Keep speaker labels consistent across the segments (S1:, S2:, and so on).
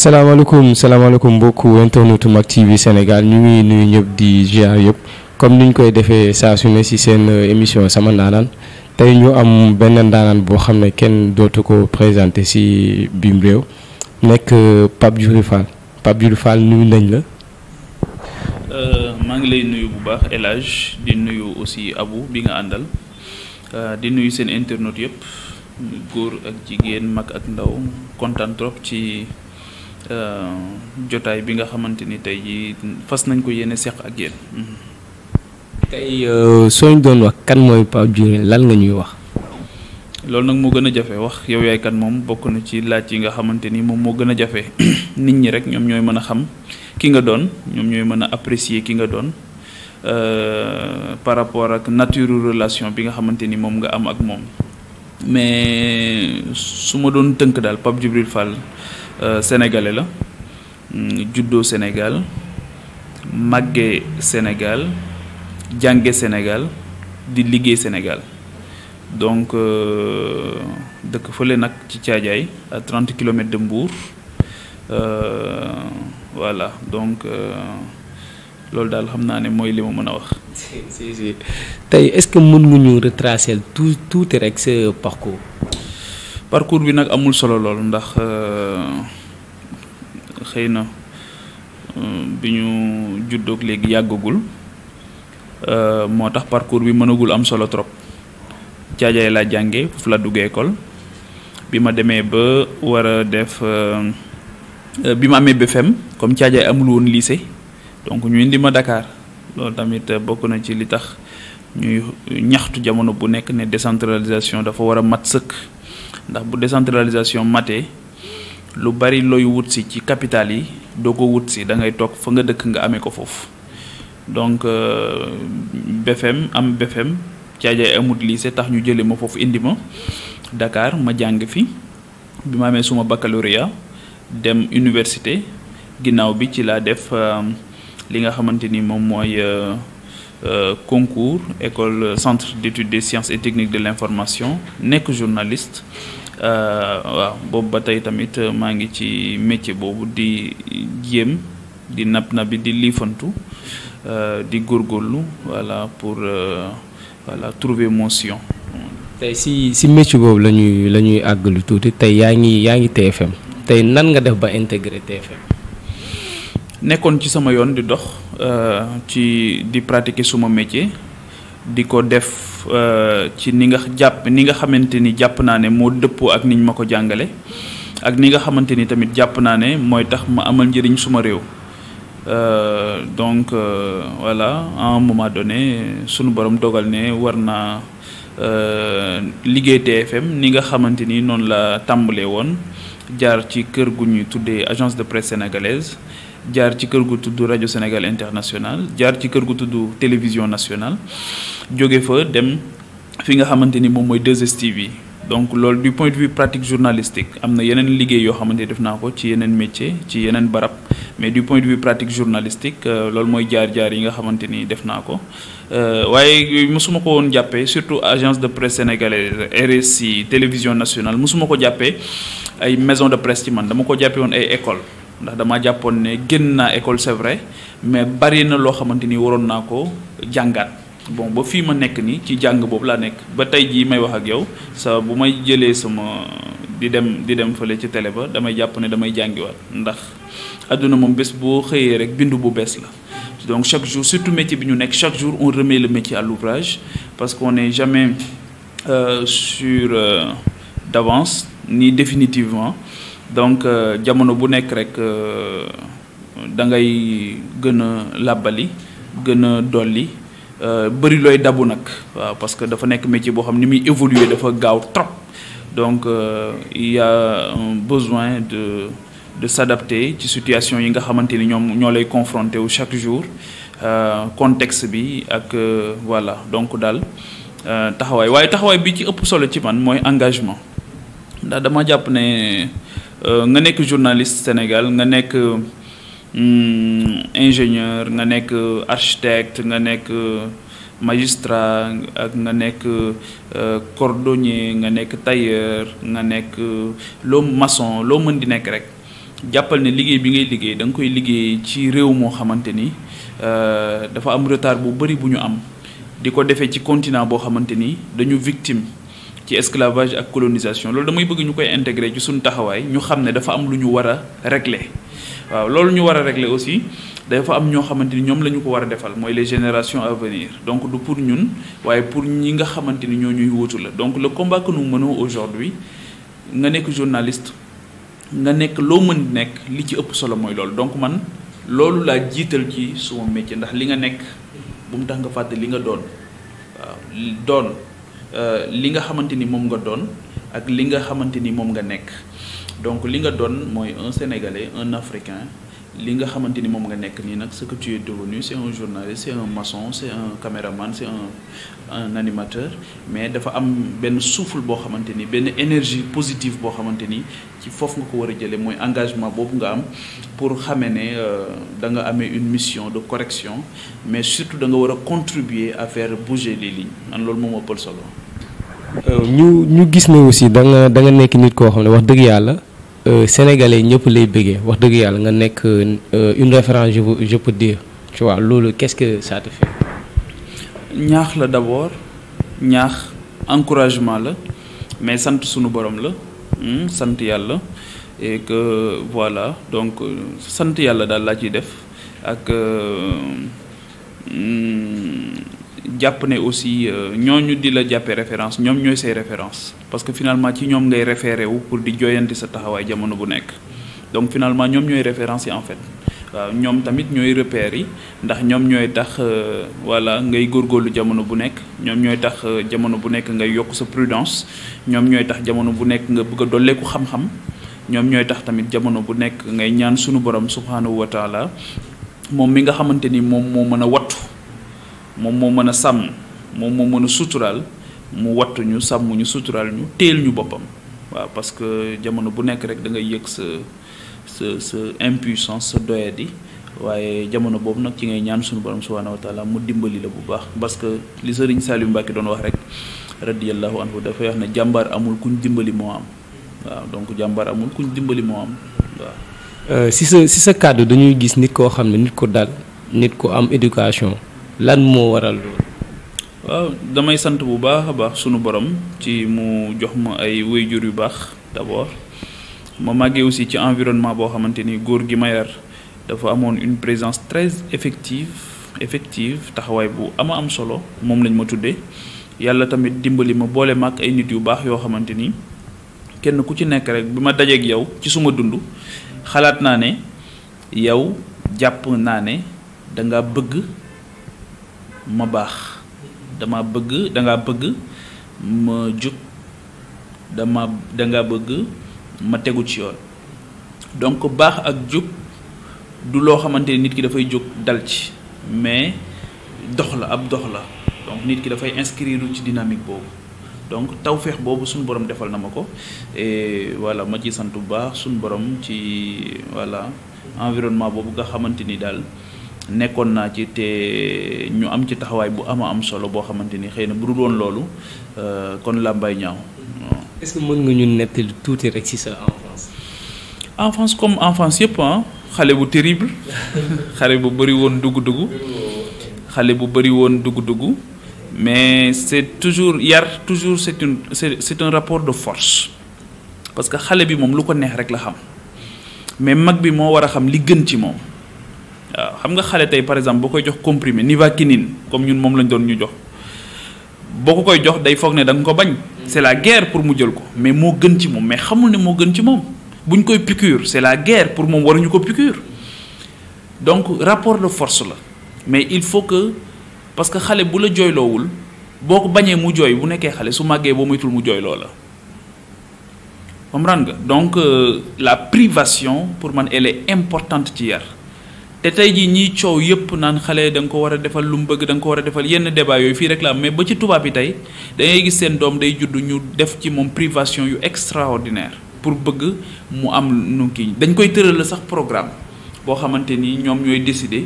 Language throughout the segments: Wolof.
S1: salaamaaleykum salaamaaleykum mbokku internetu ci TV Sénégal ñu ngi nuyu ñëpp di ziar yëpp comme niñ koy defee saa su ne si seen euh, émission sama ndaanaan tey ñu am benn ndaanaan boo xam ne kenn dootu ko présenté si biim réew nekk euh, Pape Djibril Fall Pape Djibril Fall nuyu nañ la.
S2: Euh, maa ngi lay nuyu bu baax élage Hadj di nuyu aussi abu bi nga àndal di nuyu seen internet yëpp góor ak jigéen mag ak ndaw kontaan ci. Euh, jotaay bi nga xamante ni tey jii fas nañ ko yéene seq ak yéen. tey euh,
S1: soo ñu doon wax kan mooy Pape Diouré lan nga ñuy wax.
S2: loolu nag moo gën a jafe wax yow yaay kan moom bokk na ci laaj yi nga xamante ni moom moo gën a jafe nit ñi rek ñoom ñooy mën a xam ki nga doon ñoom ñooy mën a apprécier ki nga doon euh, par rapport ak nature relation bi nga xamante ni moom nga am ak moom mais su ma doon tënk daal Pape Djibril Fall. Euh, sénégalais la mm, juddoo Sénégal màggee Sénégal jànge Sénégal di liggéey Sénégal donc euh, dëkk fële nag ci Thiadiaye à 30 kilomètres de Mbour euh, voilà donc loolu daal xam naa ne mooy li ma mën a wax. si tey est-ce que mën nga ñu retracer tuuti rek sa parcours. parcours bi nag amul solo lool ndax euh, xëy na euh, bi ñu juddoog léegi yàggagul euh, moo tax parcours bi mënagul am solo trop caajaay laa jànge foofu la duggee école bi ma demee ba war a def bi ma amee BFM e comme caajaay amul woon lycée donc ñu indi ma dakaar loolu tamit bokk na ci li tax ñuy ñaxtu jamono bu nekk ne décentralisation dafa war a mat sëkk ndax bu décentralisation matee lu bari looyu wut si ci capital yi doo ko wut si da ngay toog fa nga dëkk nga amee ko foofu donc euh, BFM am BFM Thiadiaye amut lycée tax ñu jëlee ma foofu indi ma Dakar ma jàng fi bi ma amee suma baccalauréat dem université ginnaaw bi ci laa def euh, li nga xamante ni moom mooy euh, Euh, concours école centre d'études des sciences et techniques de l'information nekk journaliste euh, waaw boobu ba tey tamit euh, maa ngi ci métier boobu di jéem di nap na bi di liifantu di góorgóorlu voilà pour voilà trouver motion tey si si
S1: métier boobu la ñuy la ñuy àgg lu tuuti tey yaa ngi yaa ngi TFM tey nan nga def ba intégré TFM
S2: nekkoon ci sama yoon di dox Euh, ci di pratiquer suma métier di ko def euh, ci ni nga jàpp ni nga xamante ni jàpp naa ne moo dëppoo ak niñ ma ko jàngale ak ni nga xamante ni tamit jàpp naa ne mooy tax ma amal njëriñ suma réew euh, donc voilà en un moment donné sunu borom dogal ne war naa liggéey TFM ni nga xamante ni noonu la tàmbalee woon jaar ci kër gu ñuy tuddee agence de presse sénégalaise jaar ci kër gu tuddu rajo Sénégal international jaar ci kër gu tudd télévision nationale jóge fa dem fi nga xamante ni moom mooy 2STV yi donc loolu du point de pratique journalistique am na yeneen liggéey yoo xamante ni def naa ko ci yeneen métier ci yeneen barab mais du point de pratique journalistique euh, loolu mooy jaar-jaar yi nga xamante ni def naa ko euh, waaye mosuma ko woon jàppee surtout agence de presse sénégalaise RSI télévision nationale mosuma ko jàppee ay maison de presse ci man dama ko jàppee woon ay école ndax damaa jàppoon ne génn naa école c'est vrai mais bari na loo xamante ni waroon naa ko jàngaat bon ba fii ma nekk nii ci jàng boobu laa nekk ba tey jii may wax ak yow sa bu may jëlee sama di dem di dem fële ci télé ba damay jàpp ne damay jàngiwaat ndax àdduna moom bés boo xëyee rek bindu bu bees la donc chaque jour surtout métier bi ñu nekk chaque jour on remet le métier à l'ouvrage parce qu'on n'est jamais euh, sur euh, d'avance ni définitivement donc euh, jamono bu nekk rek euh, da ngay gën a làbbali gën a dolli euh, bëri looy dabu nag waaw parce que dafa nekk métier boo xam ni muy évoluer dafa gaaw trop donc il y a besoin de de s'adapter ci situation yi nga xamante ni ñoom ñoo lay confronté wu chaque jour contexte bi ak voilà donc daal taxawaay waaye taxawaay bi ci ëpp solo ci man mooy engagement ndax dama jàpp ne Euh, nga nekk journaliste Sénégal nga nekk hmm, ingénieur nga nekk euh, architecte nga nekk euh, magistrat ak nga nekk cordonnier nga nekk tailleur nga nekk loo maçon loo mën di nekk rek jàppal ne liggéey bi ngay liggéey da nga koy liggéey ci réew moo xamante ni dafa am retard bu bari bu ñu am di ko defee ci continent boo xamante ni dañu victime ci esclavage ak colonisation loolu damay bëgg ñu koy intégrer ci suñu taxawaay ñu xam ne dafa am lu ñu war a régler waaw loolu ñu war a régler aussi dafa am ñoo xamante ni ñoom la ñu ko war a defal mooy les générations à donc du pour ñun waaye pour ñi nga xamante ni ñoo ñuy wuutu la donc le combat que nous menons aujourd'hui nga nekk journaliste nga nekk loo mën nekk li ci ëpp solo mooy loolu donc man loolu laa jiital ci suma métier ndax li nga nekk bu mu tax nga fàtte li nga doon waaw Euh, li nga xamante ni moom nga doon ak li nga xamante ni moom nga nekk donc li nga doon mooy un sénégalais un africain li nga xamante ni moom nga nekk nii nag ce que tu es devenu c'est un journaliste c'est un maçon c'est un caméraman c'est un animateur mais dafa am benn souffle boo xamante ni benn énergie positive boo xamante ni ci foofu nga ko war a jëlee mooy engagement boobu nga am pour xamee ne euh, da nga amee une mission de correction mais surtout da nga war a contribuer à faire bouger les lignes man loolu moom ëppal solo.
S1: Euh, ñu ñu gis ne aussi da nga nekk nit koo xam ne wax dëgg yàlla. Euh, sénégalais ñëpp lay bëggee wax dëgg yàlla nga nekk euh, une référence je je peux dire tu vois loolu quest que ça te fait.
S2: ñaax la d'abord ñaax encouragement la mais sant sunu borom la hmm, sant yàlla et que voilà donc euh, sant yàlla daal laa ciy def ak. Hmm, jàpp ne aussi euh, ñooñu di la jàppee référence ñoom ñooy say référence parce que finalement ci ñoom ngay référé wu pour di jooyanti sa taxawaay jamono bu nekk donc finalement ñoom ñooy référence yi en fait waaw ñoom tamit ñooy repères yi ndax ñoom ñooy tax euh, voilà ngay góorgóorlu jamono bu nekk ñoom ñooy tax euh, jamono bu nekk ngay yokk sa prudence ñoom ñooy tax jamono bu nekk nga bëgg a dolleeku xam-xam ñoom ñooy tax tamit jamono bu nekk ngay ñaan suñu borom subhanahu wa taala moom mi nga xamante ni moom moo mën a wattu moom moo mën a sàmm moom moo mën a suturaal mu wattuñu sàmm ñu suturaal ñu teel ñu boppam waaw parce que jamono bu nekk rek da ngay yëg sa sa sa impuissance sa doyadi waaye jamono boobu nag ci ngay ñaan suñu borom subhanahu wa taala mu dimbali la bu baax parce que li sëriñ Saliou Mbacke doon wax rek radiyallahu anhu dafay wax na jàmbaar amul kuñ dimbali moo am waaw donc jàmbaar amul kuñ dimbali moo am waaw.
S1: Euh, si sa si sa kàddu dañuy gis nit koo xam ne nit ko dal nit ko am éducation. lan moo waral
S2: loolu. waaw damay sant bu baax a baax sunu borom ci mu jox ma ay wéyjur yu baax d'abord ma màggee aussi ci environnement boo xamante ni góor gi ma yar dafa amoon une présence très effective effective taxawaay bu ama am solo moom lañ ma tuddee yàlla tamit dimbali ma boole ma ay nit yu baax yoo xamante ni kenn ku ci nekk rek bi ma dajeeg yow ci suma dund xalaat naa ne yow jàpp naa ne da nga bëgg. ma baax damaa bëgg danga bëgg ma jub dama dangaa bëgg ma tegu ci yoon donc baax ak jub du loo xamante ni nit ki dafay jóg dal ci mais dox la ab dox la donc nit ki dafay inscrire ci dynamique boobu donc tawféex boobu suñu borom defal na ma ko et voilà ma ci sant bu baax suñu borom ci voilà environnement boobu nga xamante ni daal nekkoon naa ci te ñu am ci taxawaay bu ama am solo boo xamante ni xëy na bu dul woon loolu euh, kon làmbaay ñaaw. est-ce que mën nga ñu nettali tuuti rek ci sa enfance. enfance comme enfance yëpp ah xale bu terrible xale bu bëri woon dugg-dugg. xale bu bëri woon dugg-dugg. mais c'est toujours yar toujours c'est une c'est un rapport de force parce que xale bi moom lu ko neex rek la xam mais mag bi moo war a xam li gën ci moom. waaw xam nga xale tey par exemple boo koy jox comprimer comprimé nivaquinine comme ñun moom lañ doon ñu jox boo ko koy jox day foog ne da ko bañ. c'est la guerre pour mu jël ko mais moo gën ci moom mais xamul ne moo gën ci moom bu ñu koy piqûre c'est la guerre pour moom waruñu ko piqûre donc rapport de force la mais il faut que parce que xale bu la jooyloowul boo ko bañee mu jooy bu nekkee xale su màggee boo muy moytul mu jooyloo la comprendre ga donc euh, la privation pour man elle importante ci te tey jii ñiy coow yëpp naan xale danga ko war a defal lu mu bëgg danga ko war a defal yenn débat yooyu fii réclame mais ba ci tubaab yi tey da ngay gis seen doom day juddu ñu def ci moom privation yu extraordinaire pour bëgg mu am nu kii dañ koy tëral sax programme boo xamante nii ñoom ñooy décider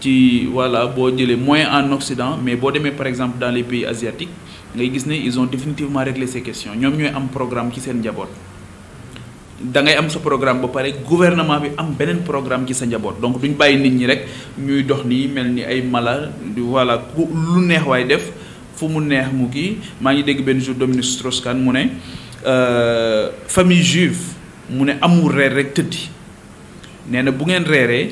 S2: ci voilà boo jëlee moyen en Occident mais boo demee par exemple dans les pays asiatiques ngay gis ne ils ont définitivement réglé ces questions ñoom ñooy am ci seen njaboot. da ngay am sa programme ba pare gouvernement bi am beneen programme ci sa njaboot donc ñu bàyyi nit ñi rek ñuy dox nii mel ni ay mala voilà ku lu neex waay def fu mu neex mu kii maa ngi dégg benn jour Dominique Strauss-Kahn mu ne euh, famille juive mu ne amul reer rek tëddi nee na bu ngeen reeree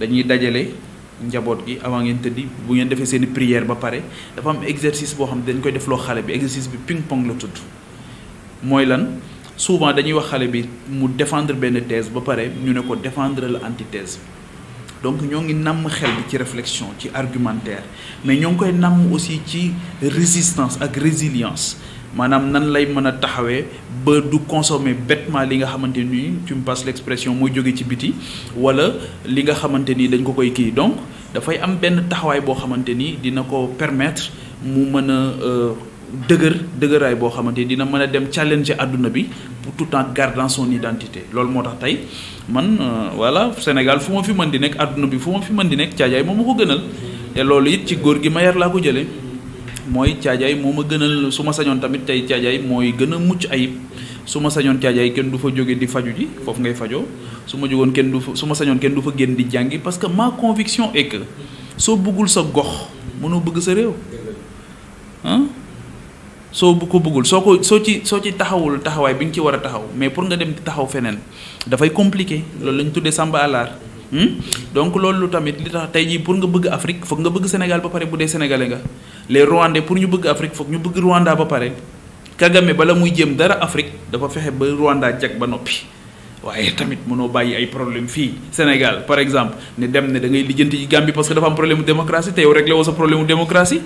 S2: dañuy dajale njaboot gi avant ngeen tëddi bu ngeen defee seen i prière ba pare dafa am exercice boo xam ne dañ koy def loo xale bi exercice bi ping pong la tudd mooy lan. souvent dañuy wax xale bi mu défendre benn thèse ba pare ñu ne ko défendre la antithèse donc ñoo ngi namm xel bi ci réflexion ci argumentaire mais ñoo ngi koy namm aussi ci résistance ak résilience maanaam nan lay mën a taxawee ba du consommer bêtement li nga xamante ni tu me passes l'expression moo jóge ci biti wala li nga xamante ni dañ ko koy kii donc dafay am benn taxawaay boo xamante ni dina ko permettre mu mën a euh, dëgër dëgëraay boo xamante dina mën a dem challenge àdduna bi pour tout en gardant son identité loolu moo tax tey man euh, voilà Sénégal fu ma fi man di nekk àdduna bi fu ma fi man di nekk caajaay moo ma ko gënal te loolu it ci góor gi ma laa ko jëlee mooy caajaay moo ma gënal su ma sañoon tamit tey caajaay mooy gën a mucc ayib su ma sañoon caajaay kenn du fa jóge di faju ji foofu ngay fajoo su ma jógoon kenn du fa su ma sañoon kenn du fa génn di jàngi parce que ma conviction est que soo bëggul sa gox mënoo bëgg sa réew soo bu ko bëggul soo ko soo ci soo ci taxawul taxawaay bi nga ci war a taxaw mais pour nga dem taxaw feneen dafay compliqué loolu la tuddee samba àllar hmm? donc loolu tamit li tax tey jii pour nga bëgg Afrique foog nga bëgg Sénégal ba pare bu dee sénégalais nga les Rwandais pour ñu bëgg Afrique foog ñu bëgg Rwanda ba pare Kagame bala muy jëm dara Afrique dafa fexe ba Rwanda jag ba noppi. waaye tamit mënoo bàyyi ay problème fii Sénégal par exemple ne dem ne da ngay lijjanti ci parce que dafa am problème mu démocratie te sa problème mu démocratie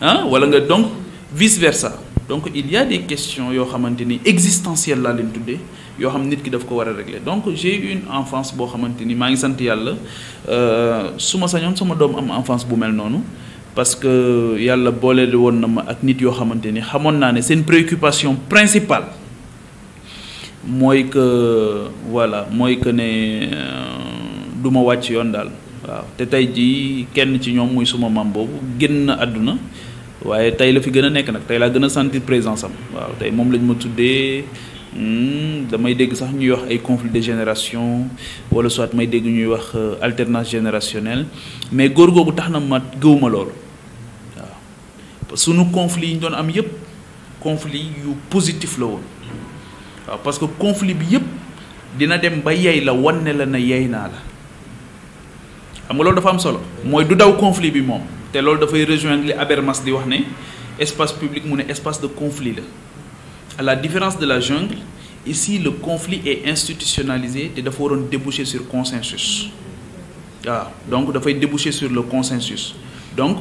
S2: ah wala nga donc. vice versa donc il y a des questions yoo xamante ni existentielles laa leen tuddee yoo xam nit ki daf ko war a régler donc j'ai eu une enfance boo xamante ni maa ngi sant yàlla euh, su ma sañoon sama doom am enfance bu mel noonu parce que yàlla boole woon na ma ak nit yoo xamante ni xamoon naa ne seen préoccupation principale mooy que voilà mooy que ne euh, duma wàcc yoon daal waaw te tey ji kenn ci ñoom muy suma maam boobu génn àdduna waaye tey la fi gën a nekk nag tey laa gën a sentir présence am waaw tey moom lañ ma tuddee hmm, damay dégg sax ñuy wax ay conflit de génération wala soit may dégg ñuy wax euh, alternance générationnelle mais góor googu tax na ma gëwuma loolu waaw sunu conflit yi ñu doon am yépp conflit yu positif la woon waaw parce que conflit bi yépp dina dem ba yey la wan ne la na yey naa la xam loolu dafa am solo mooy du daw conflit bi moom te loolu dafay rejoindre li Habermas di wax ne espace public mu ne espace de conflit la à la différence de la jungle ici le conflit est institutionnalisé te dafa waroon déboucher sur consensus waaw donc dafay déboucher sur le consensus donc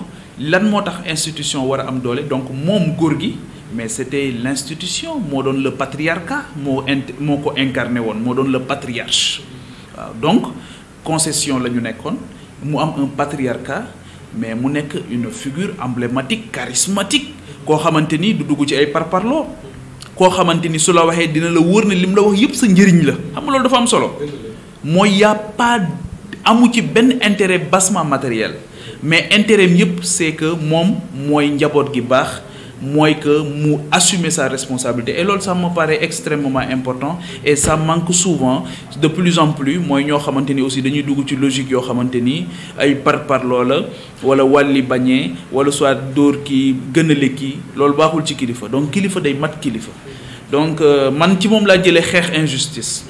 S2: lan moo tax institution war a am doole donc moom góor gi mais c'était l'institution moo doon le patriarcat moo int moo ko incarné woon moo doon le patriarche waaw donc concession la ñu nekkoon mu am un patriarcat mais mu nekk une figure emblématique charismatique koo xamante ni du dugg ci ay par parparloo koo xamante ni su la waxee dina la wóor ne lim la wax yëpp sa njëriñ la xam dafa am solo mooy y a amu ci benn intérêt basement matériel mais intérêt yëpp c'est que moom mooy njaboot gi baax mooy que mu assumer sa responsabilité et loolu ça me paraît extrêmement important et ça manque souvent de plus en plus mooy ñoo xamante ni aussi dañuy dugg ci logique yoo xamante ni ay par par loola wala wàlli bañee wala soit dóor kii gënale kii loolu baaxul ci kilifa donc kilifa day mat kilifa donc euh, man ci moom laa jëlee xeex injustice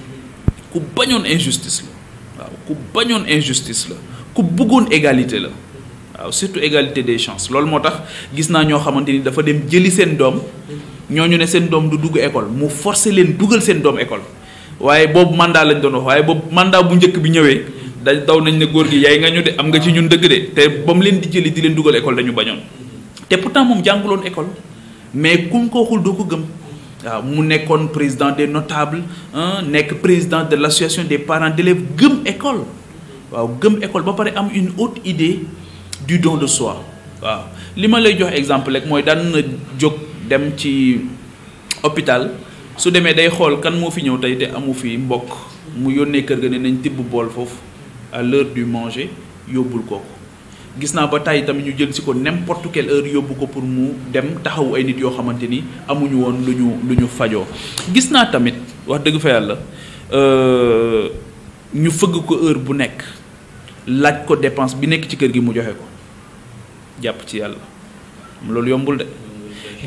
S2: ku bañoon injustice la waaw ku bañoon injustice la ku bëggoon égalité la waaw surtout égalité des chances loolu moo tax gis naa ñoo xamante ni dafa dem jëli seen doom ñoo ñu ne seen doom du dugg école mu force leen dugal seen doom école waaye boobu mandat lañ doon wax waaye boobu mandat bu njëkk bi ñëwee da daw nañ ne góor gi yaay nga ñu de am nga ci ñun dëgg de te ba mu leen di jëli di leen dugal école dañu bañoon te pourtant moom jànguloon école mais ku mu ko waxul doo ko gëm waaw mu nekkoon président des notables nekk président de l'association des parents d'élèves gëm école waaw gëm école ba pare am une haute du don de soi waaw li ma lay jox exemple rek mooy daan na jóg dem ci hôpital su demee day xool kan moo fi ñëw tey te amu fi mbokk mu yónnee kër ga ne nañ tibb bool foofu à l'heure du manger yóbbul kooku gis naa ba tàyyi tamit ñu jël si ko n'importe quelle heure yóbbu ko pour mu dem taxawu ay nit yoo xamante ni amuñu woon lu ñu lu ñu fajoo gis naa tamit wax dëgg fa yàlla euh, ñu fëgg ko heure bu nekk laaj ko depense bi nekk ci kër gi mu joxe ko jàpp ci yàlla loolu yombul de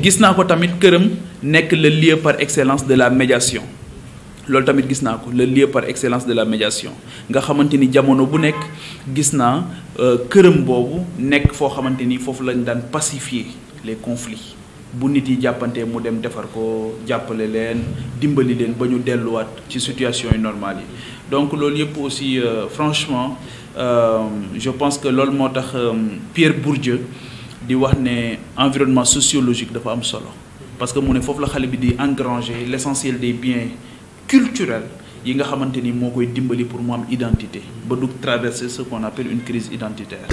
S2: gis naa ko tamit këram nekk le lieu par excellence de la médiation loolu tamit gis naa ko le lieu par excellence de la médiation nga xamante ni jamono bu nekk gis naa euh, këram boobu nekk foo xamante ni foofu lañ daan pacifier les conflits bu nit yi jàppantee mu dem defar ko jàppale leen dimbali leen ba ñu delluwaat ci situation yi normale yi donc loolu yëpp aussi euh, franchement Euh, je pense que loolu moo tax euh, Pierre Bourdieu di wax ne environnement sociologique dafa am solo parce que mu ne foofu la xale bi di engranger l'essentiel des biens culturels yi nga xamante ni moo koy dimbali pour mu am identité ba du traverser ce qu'on appelle une crise identitaire